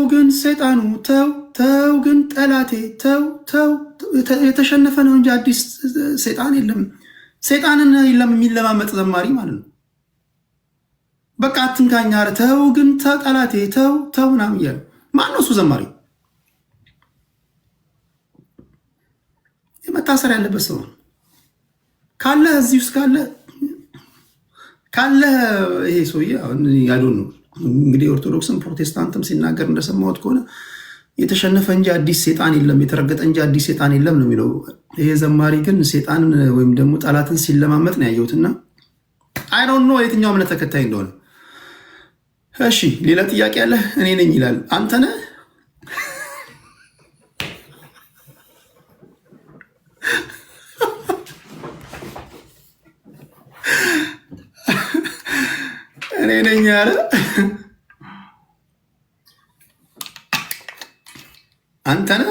ተው ግን ሰይጣኑ ተው ተው ግን ጠላቴ ተው ተው። የተሸነፈ ነው እንጂ አዲስ ሰይጣን የለም። ሰይጣንን የለም የሚለማመጥ ዘማሪ ማለት ነው። በቃ አትንካኝ፣ ተው ግን ጠላቴ ተው ተው ናም እያለ ማን ነው እሱ ዘማሪ? መታሰር ያለበት ሰው ነው ካለ እዚህ ውስጥ ካለ ካለ ይሄ ሰውዬ ያዶን ነው እንግዲህ ኦርቶዶክስም ፕሮቴስታንትም ሲናገር እንደሰማሁት ከሆነ የተሸነፈ እንጂ አዲስ ሴጣን የለም፣ የተረገጠ እንጂ አዲስ ሴጣን የለም ነው የሚለው። ይሄ ዘማሪ ግን ሴጣንን ወይም ደግሞ ጠላትን ሲለማመጥ ነው ያየሁትና አይነው ነው የትኛው እምነት ተከታይ እንደሆነ። እሺ ሌላ ጥያቄ አለ። እኔ ነኝ ይላል አንተነ እኔ ነኝ። ኧረ አንተ ነህ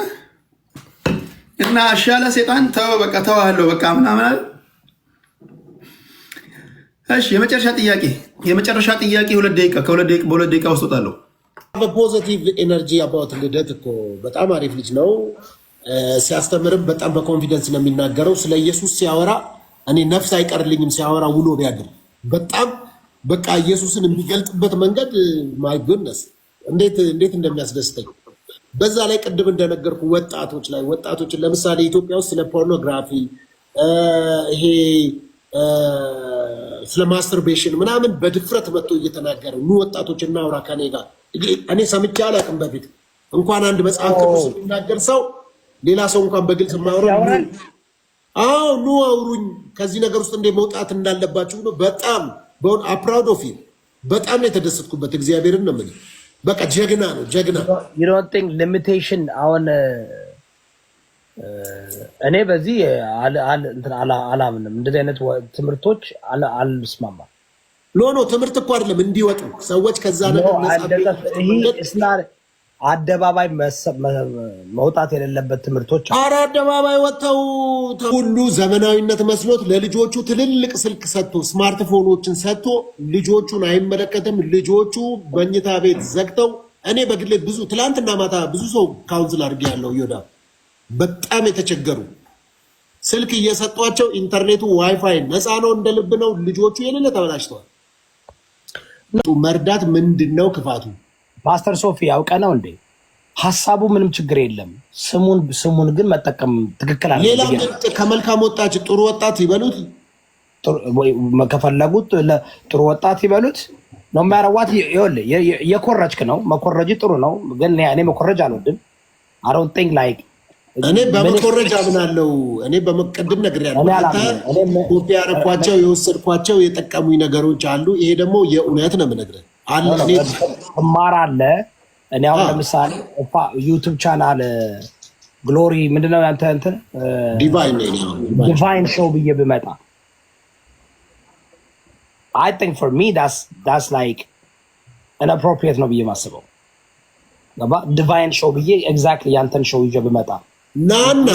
እና አሻለ ሴጣን ተው በቃ ተዋህለው በቃ ምናምን እሺ የመጨረሻ ጥያቄ የመጨረሻ ጥያቄ ሁለት ደቂቃ ከሁለት ደቂቃ በሁለት ደቂቃ ውስጥ ወጣለሁ። በፖዘቲቭ ኤነርጂ አባውት ልደት እኮ በጣም አሪፍ ልጅ ነው። ሲያስተምርም በጣም በኮንፊደንስ ነው የሚናገረው። ስለ ኢየሱስ ሲያወራ እኔ ነፍስ አይቀርልኝም ሲያወራ ውሎ ቢያድር በጣም በቃ ኢየሱስን የሚገልጥበት መንገድ ማይጎነስ እንዴት እንዴት እንደሚያስደስተኝ። በዛ ላይ ቅድም እንደነገርኩ ወጣቶች ላይ ወጣቶችን ለምሳሌ ኢትዮጵያ ውስጥ ስለ ፖርኖግራፊ ይሄ ስለ ማስተርቤሽን ምናምን በድፍረት መጥቶ እየተናገረ ኑ ወጣቶች እናውራ ከኔ ጋር። እኔ ሰምቼ አላውቅም በፊት እንኳን አንድ መጽሐፍ ቅዱስ የሚናገር ሰው ሌላ ሰው እንኳን በግልጽ የማውራው አዎ ኑ አውሩኝ፣ ከዚህ ነገር ውስጥ እንዴት መውጣት እንዳለባችሁ ነው በጣም በሆን አፕራውድ ኦፍ ዩ በጣም የተደሰትኩበት እግዚአብሔርን ነው የምልህ። በቃ ጀግና ነው ጀግና። ሊሚቴሽን አሁን እኔ በዚህ አላምንም። እንደዚህ አይነት ትምህርቶች አልስማማም። ኖ ኖ ትምህርት እኮ አይደለም እንዲወጡ ሰዎች ከዛ ነገር አደባባይ መውጣት የሌለበት ትምህርቶች አረ አደባባይ ወጥተው ሁሉ ዘመናዊነት መስሎት ለልጆቹ ትልልቅ ስልክ ሰጥቶ ስማርትፎኖችን ሰጥቶ ልጆቹን አይመለከትም። ልጆቹ መኝታ ቤት ዘግተው እኔ በግሌ ብዙ ትላንትና ማታ ብዙ ሰው ካውንስል አድርጌ ያለው ዮዳ በጣም የተቸገሩ ስልክ እየሰጧቸው ኢንተርኔቱ ዋይፋይ ነፃ ነው እንደ ልብ ነው። ልጆቹ የሌለ ተበላሽተዋል። መርዳት ምንድን ነው ክፋቱ? ማስተር ሶፊ ያውቀ ነው እንዴ? ሀሳቡ ምንም ችግር የለም። ስሙን ስሙን ግን መጠቀም ትክክል አለ። ሌላ ከመልካም ወጣች ጥሩ ወጣት ይበሉት፣ ከፈለጉት ጥሩ ወጣት ይበሉት ነው የሚያረዋት። ይኸውልህ የኮረጅክ ነው መኮረጅ ጥሩ ነው፣ ግን እኔ መኮረጅ አልወድም። አሮን ቲንክ ላይክ እኔ በመኮረጅ አምናለሁ። እኔ በመቀድም ነግሬያለሁ። ኮፒ ያረኳቸው የወሰድኳቸው የጠቀሙኝ ነገሮች አሉ። ይሄ ደግሞ የእውነት ነው የምነግርህ ማር አለ። እኔ አሁን ለምሳሌ ዩቱብ ቻናል ግሎሪ ምንድነው ያንተ እንትን ዲቫይን ሾው ብዬ ብመጣ አይ ቲንክ ፎር ሚ ዳስ ላይክ ኢንአፕሮፕሪየት ነው ብዬ ማስበው ዲቫይን ሾው ብዬ ኤግዛክትሊ ያንተን ሾው ይዤ ብመጣ ናና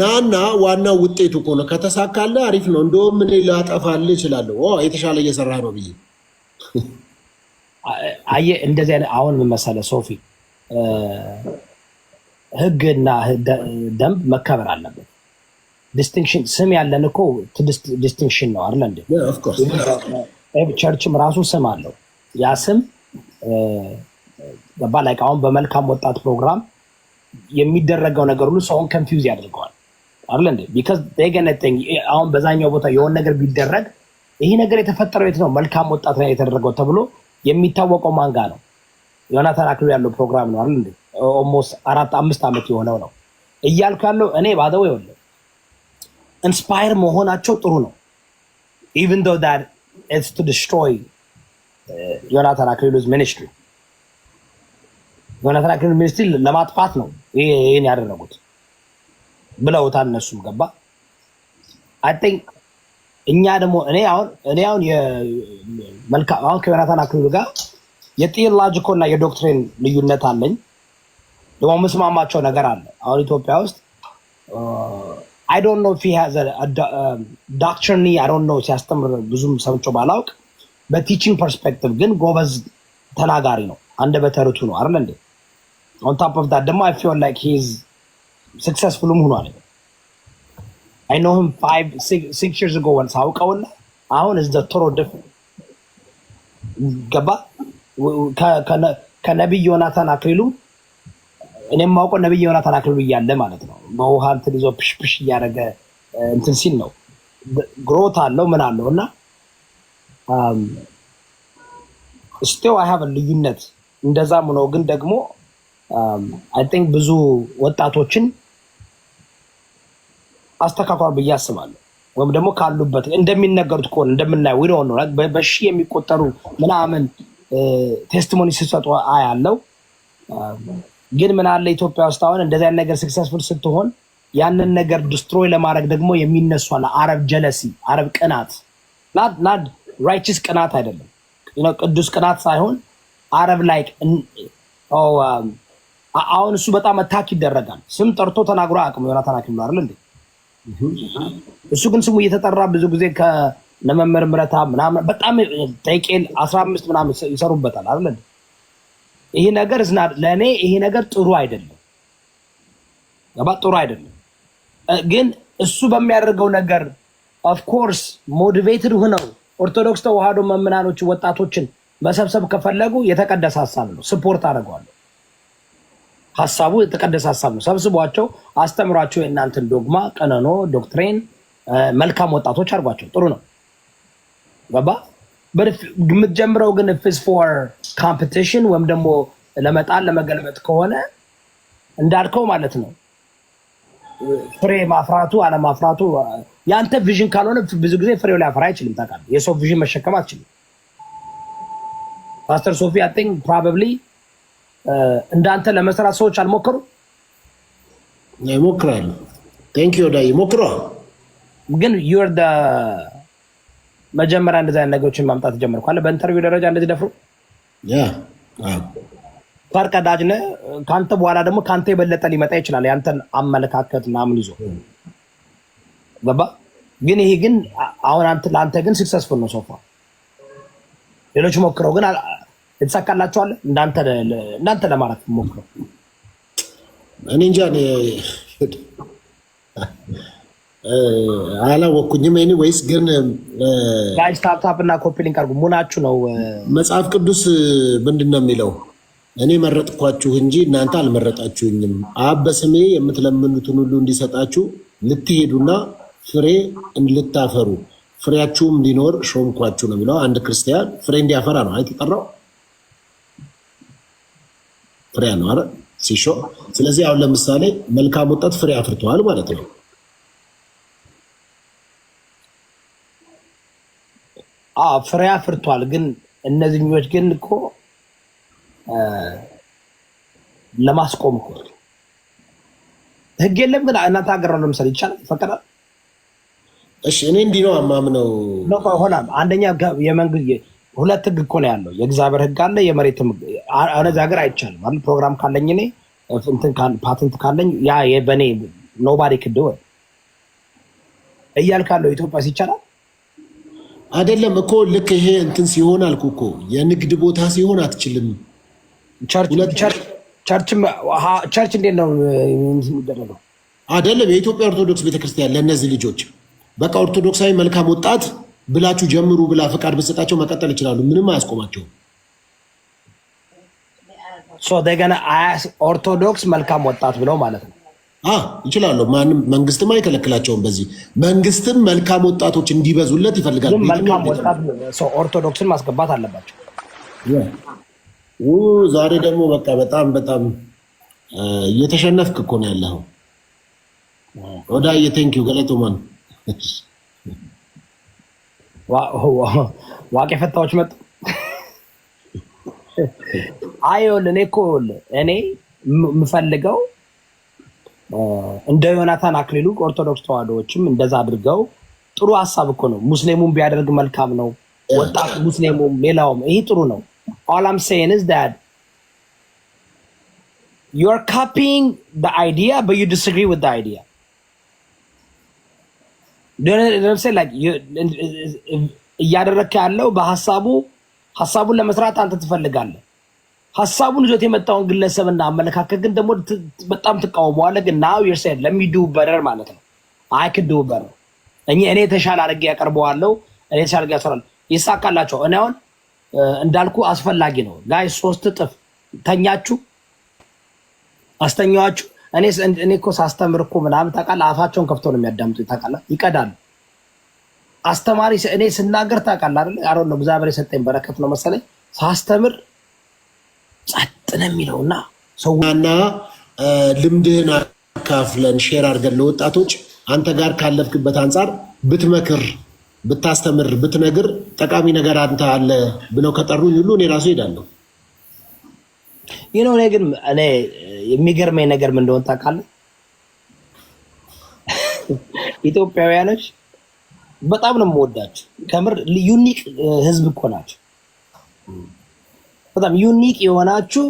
ናና ዋናው ውጤቱ እኮ ነው። ከተሳካለ አሪፍ ነው። እንደውም እኔ ላጠፋልህ እችላለሁ፣ የተሻለ እየሰራ ነው ብዬ አየ እንደዚህ አይነት አሁን ምን መሰለህ ሶፊ ህግ እና ደንብ መከበር አለበት። ዲስቲንክሽን ስም ያለን እኮ ዲስቲንክሽን ነው አይደል እንዴ? ቸርችም ራሱ ስም አለው። ያ ስም ባላይ አሁን በመልካም ወጣት ፕሮግራም የሚደረገው ነገር ሁሉ ሰውን ከንፊውዝ ያደርገዋል አይደል እንዴ? ቢካዝ ገነጠኝ አሁን በዛኛው ቦታ የሆነ ነገር ቢደረግ ይህ ነገር የተፈጠረው የት ነው? መልካም ወጣት ላይ የተደረገው ተብሎ የሚታወቀው ማንጋ ነው። ዮናታን አክሉ ያለው ፕሮግራም ነው አይደል እንዴ? ኦልሞስት አራት አምስት ዓመት የሆነው ነው እያልኩ ያለው እኔ ባደው ይወለ ኢንስፓየር መሆናቸው ጥሩ ነው። ኢቭን ዶ ዳት ኢትስ ቱ ዲስትሮይ ዮናታን አክሊሉስ ሚኒስትሪ ዮናታን አክሊሉ ሚኒስትሪ ለማጥፋት ነው ይሄን ያደረጉት ብለውታል። እነሱም ገባ አይ ቲንክ እኛ ደግሞ እኔ አሁን እኔ አሁን የመልካም አሁን ከዮናታን አክሊሉ ጋር የቴዎሎጂኮ እና የዶክትሪን ልዩነት አለኝ። ደግሞ የምስማማቸው ነገር አለ። አሁን ኢትዮጵያ ውስጥ አይ ዶንት ኖ ፊ ዶክትሪን አይ ዶንት ኖ ሲያስተምር ብዙም ሰምቼው ባላውቅ፣ በቲችንግ ፐርስፔክቲቭ ግን ጎበዝ ተናጋሪ ነው። አንደ በተርቱ ነው አይደል እንዴ? ኦን ታፕ ኦፍ ዳት ደግሞ አይ ፊል ላይክ ሂ ኢዝ ስክሰስፉልም ሆኗል። አይ ኖ ሂም ፋይቭ ሲክስ ይርስ ጎ ወንስ አውቀውና አሁን እዝ ቶሮ ድፍ ገባ ከነቢይ ዮናታን አክሊሉ እኔም ማውቀው ነቢይ ዮናታን አክሊሉ እያለ ማለት ነው። በውሃ እንትን ይዞ ፕሽፕሽ እያደረገ እንትን ሲል ነው ግሮት አለው ምን አለው እና ስቲው አይሀብ ልዩነት እንደዛም ነው። ግን ደግሞ አይ ቲንክ ብዙ ወጣቶችን አስተካክሏል ብዬ አስባለሁ። ወይም ደግሞ ካሉበት እንደሚነገሩት ከሆነ እንደምናየው ዊነሆን ነው በሺ የሚቆጠሩ ምናምን ቴስቲሞኒ ሲሰጡ አያለው። ግን ምን አለ ኢትዮጵያ ውስጥ አሁን እንደዚያ ነገር ስክሰስፉል ስትሆን ያንን ነገር ዲስትሮይ ለማድረግ ደግሞ የሚነሱ አለ አረብ ጀለሲ፣ አረብ ቅናት፣ ናድ ራይችስ ቅናት አይደለም ቅዱስ ቅናት ሳይሆን አረብ ላይ አሁን እሱ በጣም አታክ ይደረጋል። ስም ጠርቶ ተናግሮ አቅም ዮናታን አክሊሉ አይደል እንዴ? እሱ ግን ስሙ እየተጠራ ብዙ ጊዜ ለመምህር ምረታ ምናምን በጣም ጠቄል አስራ አምስት ምናምን ይሰሩበታል አለ። ይሄ ነገር ዝና ለእኔ ይሄ ነገር ጥሩ አይደለም፣ ገባ ጥሩ አይደለም። ግን እሱ በሚያደርገው ነገር ኦፍኮርስ ሞቲቬትድ ሆነው ኦርቶዶክስ ተዋህዶ መምናኖች ወጣቶችን መሰብሰብ ከፈለጉ የተቀደሰ ሀሳብ ነው፣ ስፖርት አደርገዋለሁ። ሀሳቡ የተቀደሰ ሀሳብ ነው። ሰብስቧቸው አስተምሯቸው፣ የእናንተን ዶግማ፣ ቀነኖ ዶክትሬን መልካም ወጣቶች አድርጓቸው። ጥሩ ነው ገባ። የምትጀምረው ግን ፊስ ፎር ካምፒቲሽን ወይም ደግሞ ለመጣል ለመገልበጥ ከሆነ እንዳልከው ማለት ነው ፍሬ ማፍራቱ አለማፍራቱ የአንተ ቪዥን ካልሆነ ብዙ ጊዜ ፍሬው ሊያፈራ አይችልም። ታውቃለህ፣ የሰው ቪዥን መሸከም አትችልም። ፓስተር ሶፊ አይ ቲንክ ፕሮባብሊ እንዳንተ ለመስራት ሰዎች አልሞከሩም? ይሞክራሉ። ቴንክ ዩ ዳይ ይሞክራሉ። ግን ዩር መጀመሪያ እንደዚህ አይነት ነገሮችን ማምጣት ጀመርኩ አለ። በኢንተርቪው ደረጃ እንደዚህ ደፍሩ ፈርቀዳጅ ነህ። ከአንተ በኋላ ደግሞ ከአንተ የበለጠ ሊመጣ ይችላል፣ ያንተን አመለካከት ምናምን ይዞ ገባ። ግን ይሄ ግን አሁን ለአንተ ግን ሲክሰስፉል ነው። ሶፋ ሌሎች ሞክረው ግን የተሳካላችኋል? እንዳንተ ለማለት ሞክረው። እኔ እንጃ አላወቅኩኝም። ኒ ወይስ ግን ጋይስ ታፕታፕ እና ኮፒሊንክ አድርጉ። ሙናችሁ ነው መጽሐፍ ቅዱስ ምንድን ነው የሚለው? እኔ መረጥኳችሁ እንጂ እናንተ አልመረጣችሁኝም፣ አብ በስሜ የምትለምኑትን ሁሉ እንዲሰጣችሁ ልትሄዱና ፍሬ ልታፈሩ ፍሬያችሁም ሊኖር ሾምኳችሁ ነው የሚለው። አንድ ክርስቲያን ፍሬ እንዲያፈራ ነው አይተጠራው ፍሬያ ነው አይደል ሲሾ። ስለዚህ አሁን ለምሳሌ መልካም ወጣት ፍሬ አፍርተዋል ማለት ነው። አዎ ፍሬ አፍርቷል። ግን እነዚህኞች ግን እኮ ለማስቆም እኮ ህግ የለም። ግን እናንተ ሀገር ነው ለምሳሌ ይቻላል፣ ይፈቀዳል። እሺ እኔ እንዲህ ነው የማምነው። አንደኛ የመንግስት ሁለት ህግ እኮ ነው ያለው። የእግዚአብሔር ህግ አለ፣ የመሬትም ወደዚህ ሀገር አይቻልም አይደል? ፕሮግራም ካለኝ እኔ እንትን ፓተንት ካለኝ ያ የበኔ ኖባዲ ክድ ወይ እያልካለሁ ኢትዮጵያ ሲቻላል አይደለም እኮ ልክ ይሄ እንትን ሲሆን አልኩ እኮ የንግድ ቦታ ሲሆን አትችልም። ቸርች እንዴት ነው የሚደረገው? አይደለም የኢትዮጵያ ኦርቶዶክስ ቤተክርስቲያን ለእነዚህ ልጆች በቃ ኦርቶዶክሳዊ መልካም ወጣት ብላችሁ ጀምሩ ብላ ፈቃድ በሰጣቸው መቀጠል ይችላሉ። ምንም አያስቆማቸውም። ሶ አያስ ኦርቶዶክስ መልካም ወጣት ብለው ማለት ነው ይችላሉ። ማንም መንግስትም አይከለክላቸውም። በዚህ መንግስትም መልካም ወጣቶች እንዲበዙለት ይፈልጋል። መልካም ወጣት ኦርቶዶክስን ማስገባት አለባቸው። ዛሬ ደግሞ በቃ በጣም በጣም እየተሸነፍክ እኮ ነው ያለው። ወዳ የቴንኪው ገለቶማን ዋቅ የፈታዎች መጡ አይ ይኸውልህ፣ እኔ እኮ እኔ የምፈልገው እንደ ዮናታን አክሊሉ ኦርቶዶክስ ተዋህዶዎችም እንደዛ አድርገው ጥሩ ሀሳብ እኮ ነው። ሙስሊሙም ቢያደርግ መልካም ነው። ወጣቱ ሙስሊሙም፣ ሌላውም ይህ ጥሩ ነው። all I'm ዳድ ዩር ካፒንግ you're copying the idea but you disagree with ያለው በሀሳቡ ሀሳቡን ለመስራት አንተ ትፈልጋለህ። ሀሳቡን ይዞት የመጣውን ግለሰብና አመለካከት ግን ደግሞ በጣም ትቃውመዋለህ። ግን ናው ዩር ሴድ ለሚዱ በረር ማለት ነው። አይ ክዱ በረር እኔ እኔ የተሻለ አድርጌ ያቀርበዋለሁ። እኔ የተሻለ አድርጌ ያሰራለሁ። ይሳካላቸው። እኔ አሁን እንዳልኩ አስፈላጊ ነው። ጋይ ሶስት እጥፍ ተኛችሁ፣ አስተኛዋችሁ። እኔ እኔ እኮ ሳስተምር እኮ ምናምን ታውቃለህ፣ አፋቸውን ከፍቶ ነው የሚያዳምጡ ታውቃለህ፣ ይቀዳሉ አስተማሪ እኔ ስናገር ታውቃለህ አይደል? አሮ ነው እግዚአብሔር የሰጠኝ በረከት ነው መሰለኝ። ሳስተምር ጸጥ ነው የሚለውና ሰውና ልምድህን አካፍለን ሼር አድርገን ለወጣቶች አንተ ጋር ካለፍክበት አንጻር ብትመክር፣ ብታስተምር፣ ብትነግር ጠቃሚ ነገር አንተ አለ ብለው ከጠሩኝ ሁሉ እኔ ራሱ ሄዳለሁ። ይህ ነው። እኔ ግን እኔ የሚገርመኝ ነገር ምን እንደሆነ ታውቃለህ ኢትዮጵያውያኖች በጣም ነው የምወዳችሁ። ከምር ዩኒክ ህዝብ እኮ ናችሁ። በጣም ዩኒክ የሆናችሁ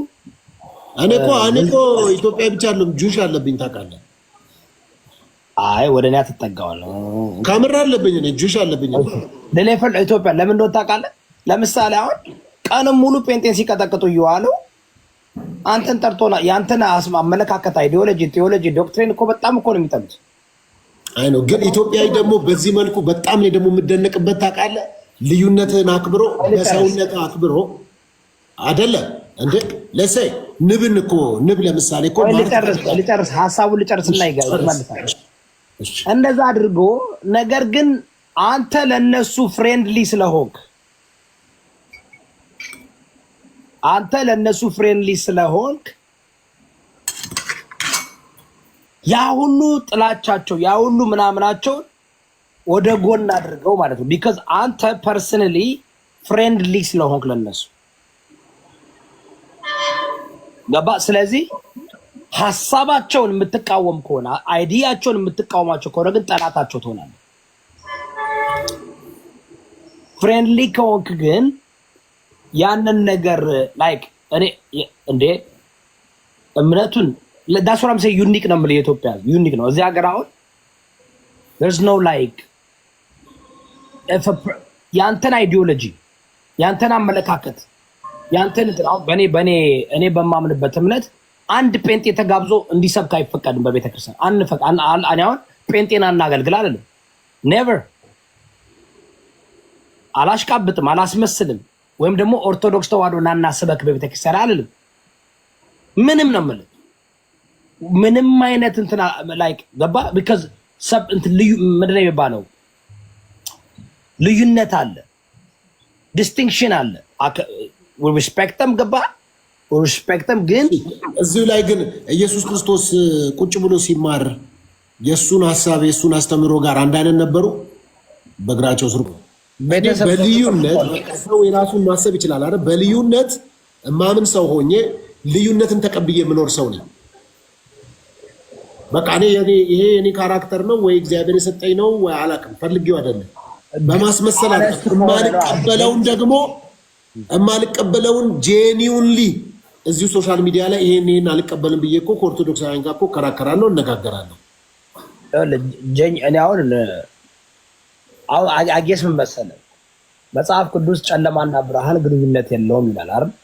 እኔ እኮ እኔ እኮ ኢትዮጵያ ብቻ አለም ጁሽ አለብኝ ታውቃለህ። አይ ወደ እኔ አትጠጋዋለህ። ከምር አለብኝ እኔ ጁሽ አለብኝ። ለኔ ፈል ኢትዮጵያ ለምን እንደሆነ ታውቃለህ? ለምሳሌ አሁን ቀንም ሙሉ ጴንጤን ሲቀጠቅጡ እየዋሉ አንተን ጠርቶና የአንተን አመለካከት አይዲዮሎጂ፣ ቴዎሎጂ፣ ዶክትሪን እኮ በጣም እኮ ነው የሚጠሉት አይ ነው ግን ኢትዮጵያዊ ደግሞ በዚህ መልኩ በጣም እኔ ደግሞ የምደነቅበት ታውቃለህ፣ ልዩነትህን አክብሮ በሰውነት አክብሮ አይደለም እንደ ለሰይ ንብን እኮ ንብ ለምሳሌ እኮ ልጨርስ ሀሳቡን ልጨርስና ይገባል ማለት እንደዛ አድርጎ ነገር ግን አንተ ለነሱ ፍሬንድሊ ስለሆንክ አንተ ለነሱ ፍሬንድሊ ስለሆንክ ያ ሁሉ ጥላቻቸው ያ ሁሉ ምናምናቸው ወደ ጎን አድርገው ማለት ነው። ቢካዝ አንተ ፐርሰናሊ ፍሬንድሊ ስለሆንክ ለነሱ ገባ። ስለዚህ ሀሳባቸውን የምትቃወም ከሆነ አይዲያቸውን የምትቃወማቸው ከሆነ ግን ጠላታቸው ትሆናለህ። ፍሬንድሊ ከሆንክ ግን ያንን ነገር ላይክ እኔ እንዴ እምነቱን ዳሱራም ሰ ዩኒክ ነው የምልህ የኢትዮጵያ ዩኒክ ነው። እዚህ ሀገር አሁን ርስ ኖ ላይክ የአንተን አይዲዮሎጂ የአንተን አመለካከት የአንተን በእኔ በእኔ እኔ በማምንበት እምነት አንድ ጴንጤ ተጋብዞ እንዲሰብክ አይፈቀድም በቤተክርስቲያን። እኔ አሁን ጴንጤን አናገልግል አለም ኔቨር አላሽቃብጥም፣ አላስመስልም ወይም ደግሞ ኦርቶዶክስ ተዋህዶ ናና ስበክ በቤተክርስቲያን አልልም። ምንም ነው የምልህ ምንም አይነት እንትና ላይክ ገባ ቢካዝ ሰብ እንትን ልዩ ምንድን የሚባለው? ልዩነት አለ፣ ዲስቲንክሽን አለ። ሪስፔክተም ገባ ሪስፔክተም ግን እዚሁ ላይ ግን ኢየሱስ ክርስቶስ ቁጭ ብሎ ሲማር የእሱን ሀሳብ የእሱን አስተምህሮ ጋር አንድ አይነት ነበሩ። በእግራቸው ስር በልዩነት ሰው የራሱን ማሰብ ይችላል አረ በልዩነት ማምን ሰው ሆኜ ልዩነትን ተቀብዬ የምኖር ሰው ነኝ። በቃ እኔ ይሄ የኔ ካራክተር ነው ወይ እግዚአብሔር የሰጠኝ ነው ወይ አላውቅም፣ ፈልጌው አይደለም። በማስመሰል አለ የማልቀበለውን ደግሞ የማልቀበለውን ጄኒውንሊ እዚሁ ሶሻል ሚዲያ ላይ ይሄን ይሄን አልቀበልም ብዬ እኮ ከኦርቶዶክሳውያን ጋር እኮ እከራከራለሁ፣ እነጋገራለሁ። እኔ አሁን አሁን አጌስ ምን መሰለህ መጽሐፍ ቅዱስ ጨለማና ብርሃን ግንኙነት የለውም ይላል አይደል?